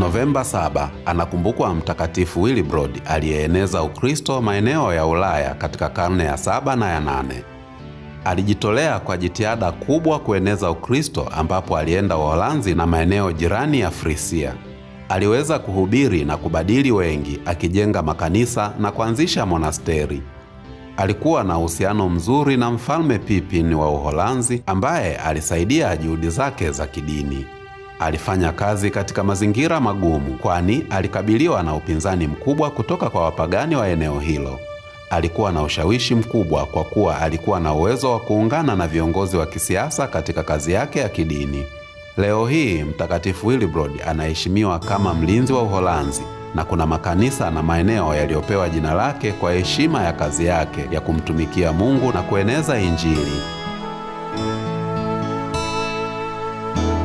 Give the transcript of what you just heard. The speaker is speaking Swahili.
Novemba 7 anakumbukwa Mtakatifu Willibrod aliyeeneza Ukristo maeneo ya Ulaya katika karne ya saba na ya nane. Alijitolea kwa jitihada kubwa kueneza Ukristo ambapo alienda Uholanzi na maeneo jirani ya Frisia. Aliweza kuhubiri na kubadili wengi, akijenga makanisa na kuanzisha monasteri. Alikuwa na uhusiano mzuri na Mfalme Pipin wa Uholanzi ambaye alisaidia juhudi zake za kidini. Alifanya kazi katika mazingira magumu, kwani alikabiliwa na upinzani mkubwa kutoka kwa wapagani wa eneo hilo. Alikuwa na ushawishi mkubwa kwa kuwa alikuwa na uwezo wa kuungana na viongozi wa kisiasa katika kazi yake ya kidini. Leo hii Mtakatifu Willibrod anaheshimiwa kama mlinzi wa Uholanzi na kuna makanisa na maeneo yaliyopewa jina lake kwa heshima ya kazi yake ya kumtumikia Mungu na kueneza Injili.